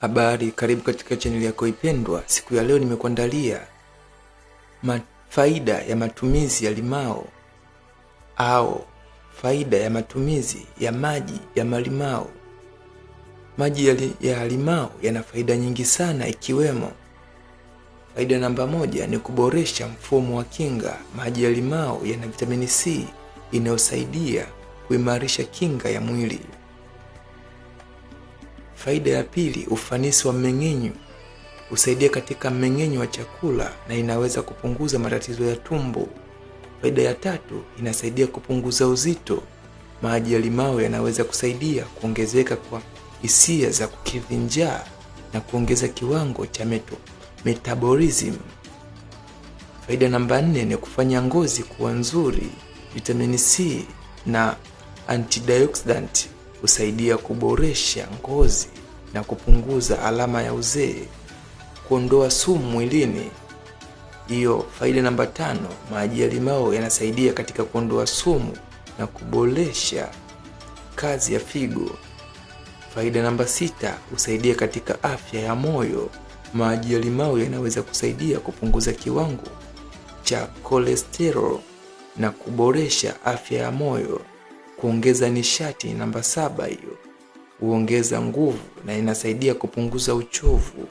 Habari, karibu katika chaneli yako ipendwa. Siku ya leo nimekuandalia faida ya matumizi ya limao au faida ya matumizi ya maji ya malimao. Maji ya, li, ya limao yana faida nyingi sana, ikiwemo faida namba moja ni kuboresha mfumo wa kinga. Maji ya limao yana vitamini C inayosaidia kuimarisha kinga ya mwili. Faida ya pili, ufanisi wa mmeng'enyo, husaidia katika mmeng'enyo wa chakula na inaweza kupunguza matatizo ya tumbo. Faida ya tatu, inasaidia kupunguza uzito. Maji ya limao yanaweza kusaidia kuongezeka kwa hisia za kukidhi njaa na kuongeza kiwango cha meto, metabolism. Faida namba nne ni kufanya ngozi kuwa nzuri. Vitamini C na antioxidant husaidia kuboresha ngozi na kupunguza alama ya uzee, kuondoa sumu mwilini. Hiyo faida namba tano, maji ya limao yanasaidia katika kuondoa sumu na kuboresha kazi ya figo. Faida namba sita, husaidia katika afya ya moyo. Maji ya limao yanaweza kusaidia kupunguza kiwango cha kolesterol na kuboresha afya ya moyo kuongeza nishati. Namba saba hiyo huongeza nguvu na inasaidia kupunguza uchovu.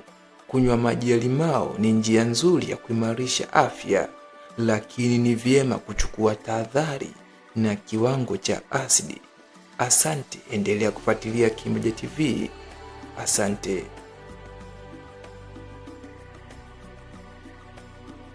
Kunywa maji ya limao ni njia nzuri ya kuimarisha afya, lakini ni vyema kuchukua tahadhari na kiwango cha asidi. Asante, endelea kufuatilia Kimoja TV. Asante.